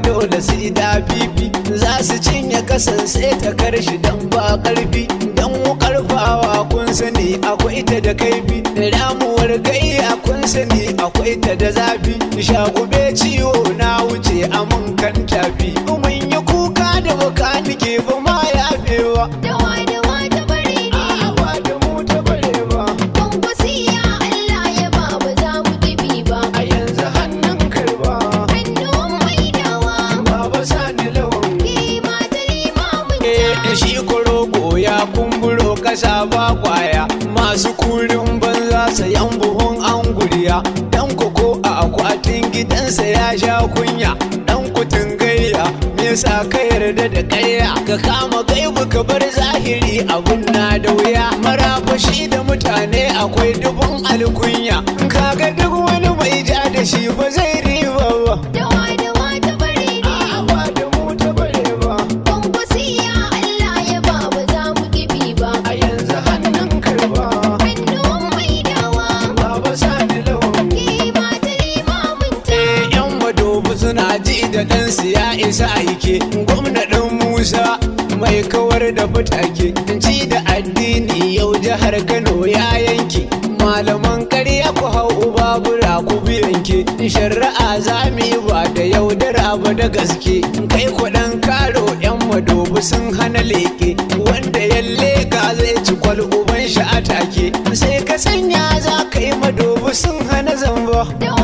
gado da sida bibi za su cinye kasan sai ta karshi dan ba karfi don mu karfawa kun sani akwai ta da kaifi ramuwar a kun sani akwai ta da zafi be ciwo na wuce a mun kan tafi mun yi kuka da muka nike ba ma yafewa yarda da kai ka kama kai ka bar zahiri abun na da wuya marafashi da mutane akwai dubun alkunya kaga duk wani mai ja da shi ba isa aike gwamna musa mai kawar da fitake ci da addini yau jihar kano ya yanke malaman karya ku hau babura ku yanke. shari'a za mu yi ba da yaudara ba da gaske kai kuɗin karo yan madobi sun hana leke wanda ya leka zai ci kwal uban shi a take sai ka sanya za ka yi madobi sun hana zamba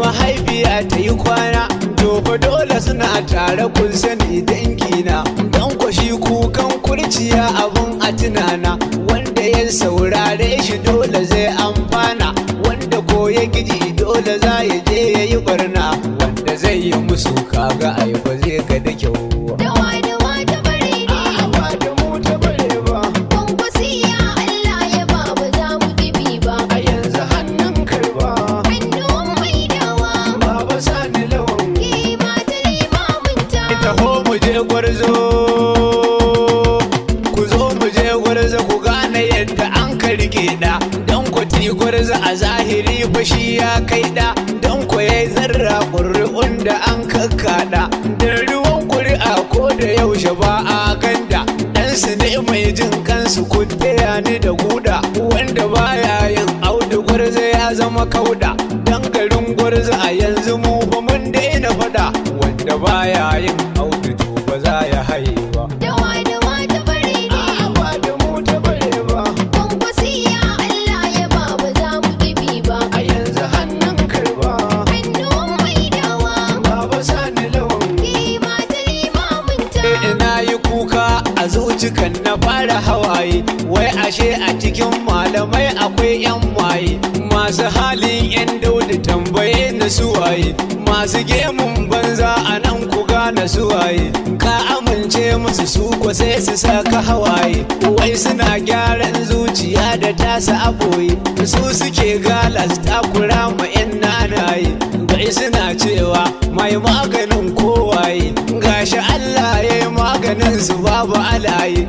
mahaifiya ta yi kwana tofa dole suna tare kun sani da na dan kwashi kukan kurciya abin. yanzu a zahiri fashi ya kai da don koya zarra ƙuri'un da an kakkaɗa da ruwan ƙuri'a ko da yaushe ba a ganda ɗansu ne mai jin kansu kuttaya ni da guda wanda baya yin audu gwarza ya zama kauda dan garin gwarza a yanzu mu ba mun daina faɗa wanda baya yin ce a cikin malamai akwai 'yan waye masu halin 'yan daudu tambaye na suwaye masu gemun banza a nan ku gane suwaye ka amince musu su ko sai su saka hawaye wai suna gyaran zuciya da tasa aboye su suke galas takura ma 'yan nanaye gai suna cewa mai maganin kowaye gashi Allah ya yi maganin su babu alaye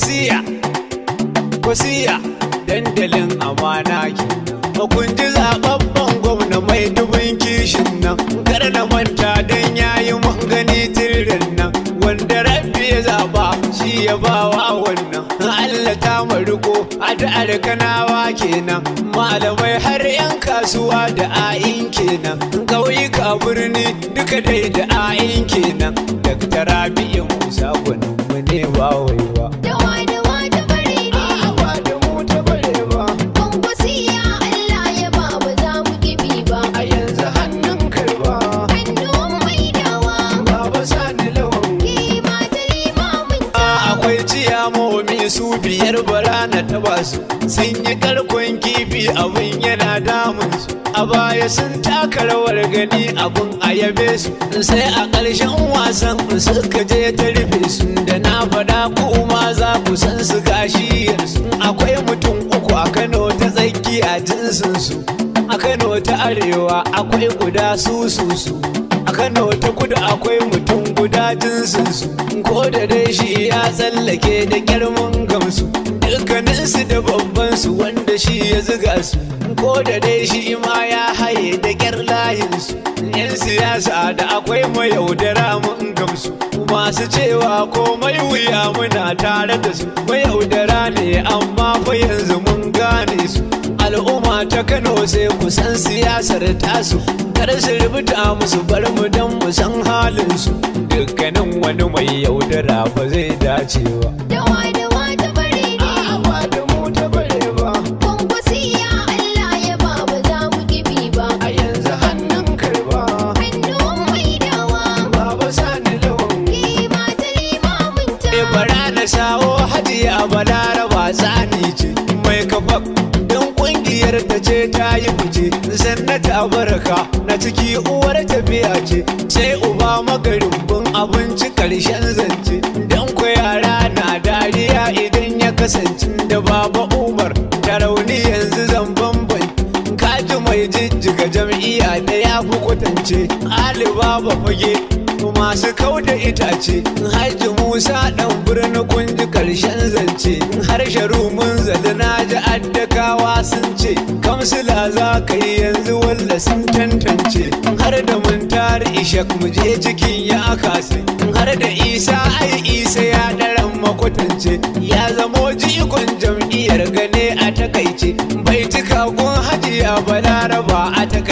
kusiya kusiya dandalin amana ki makunji zababban gwamna mai dubin kishin nan kar na manta don yayi mun gani tirin nan wanda rabbi ya zaba shi ya bawa wannan Allah ta mariko addu'ar kanawa kenan malamai har yan kasuwa da ayin kenan ƙauyuka birni duka dai da ayin kenan daga biyan musa gwanin mu ne tabasu sun yi karkon kifi abin yana damun su a baya sun taka rawar gani abin a yabe su sai a ƙarshen wasan suka je ta rufe su da na faɗa kuma za ku san su gashi akwai mutum uku a Kano ta tsaki a jinsin su a Kano ta arewa akwai guda su su su a Kano ta kudu akwai mutum guda jinsin su ko da dai shi ya tsallake da girman gamsu Ganinsu da babban wanda shi ya zuga su ko da dai shi ma ya haye da kyar layin yan siyasa da akwai yaudara mun gamsu masu cewa komai wuya muna tare da su yaudara ne amma fa yanzu mun gane su al'umma ta kano sai kusan siyasar tasu kar su rubuta musu bar mu don mu san halin su dukkanin wani mai yaudara ba zai dace ba ya jijjiga jam'iyya ɗaya fi kwatance Ali baba fage masu kau da itace hajji musa ɗan birni kun ji ƙarshen zance har sharu mun zada na ji addakawa sun ce kamsila za ka yi yanzu walla sun tantance har da mun tari ishak mu je cikin ya kasi har da isa ai isa ya ɗaran makwatance ya zamo jikon jam'iyyar gane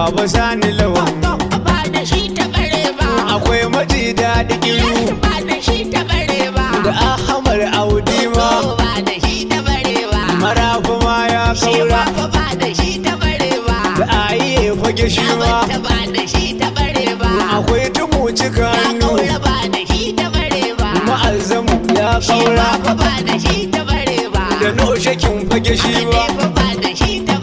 babu Sani Lawan. Ba da shi Akwai maji da dikiru. Ba da shi ta bare ba. Da Audi ma. Ba da shi ta bare ba. ya kaura. da shi ta fage shi ma. Akwai tumu cika hannu. Ba da ya kaura. da shi noshe kin fage shi ma. da shi ta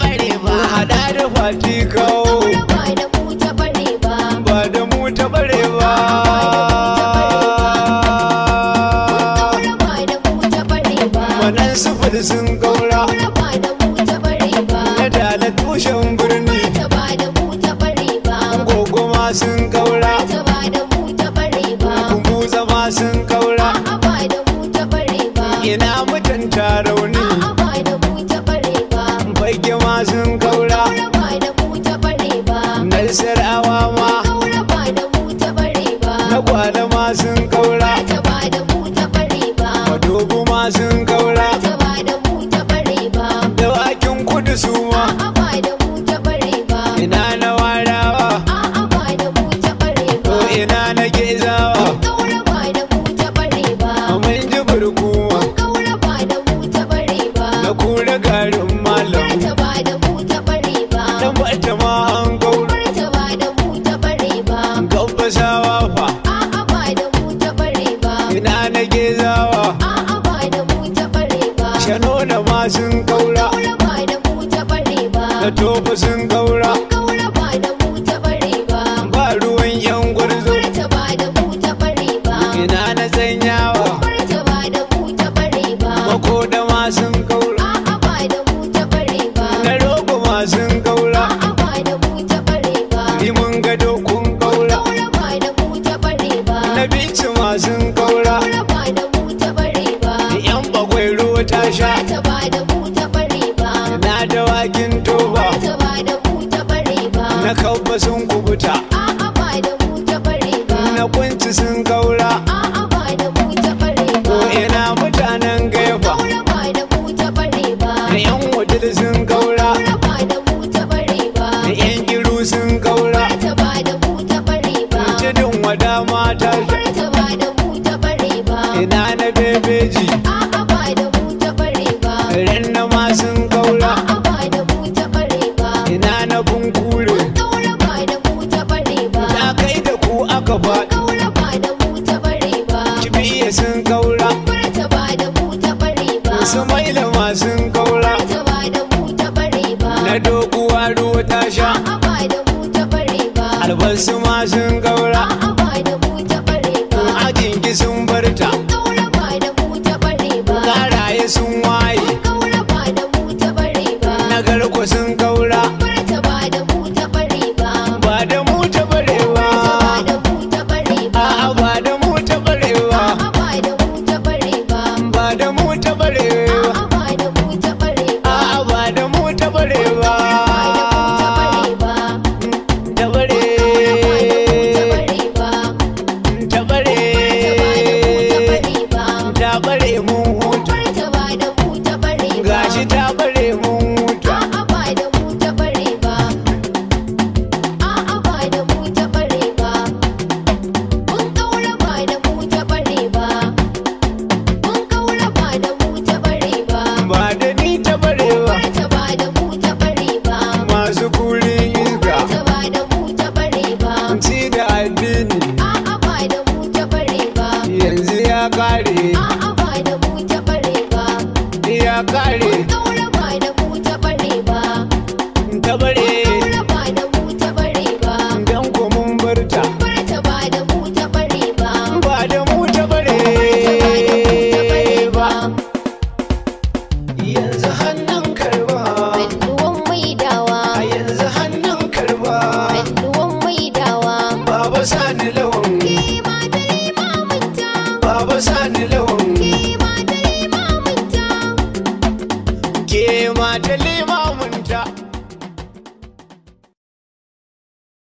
daura garin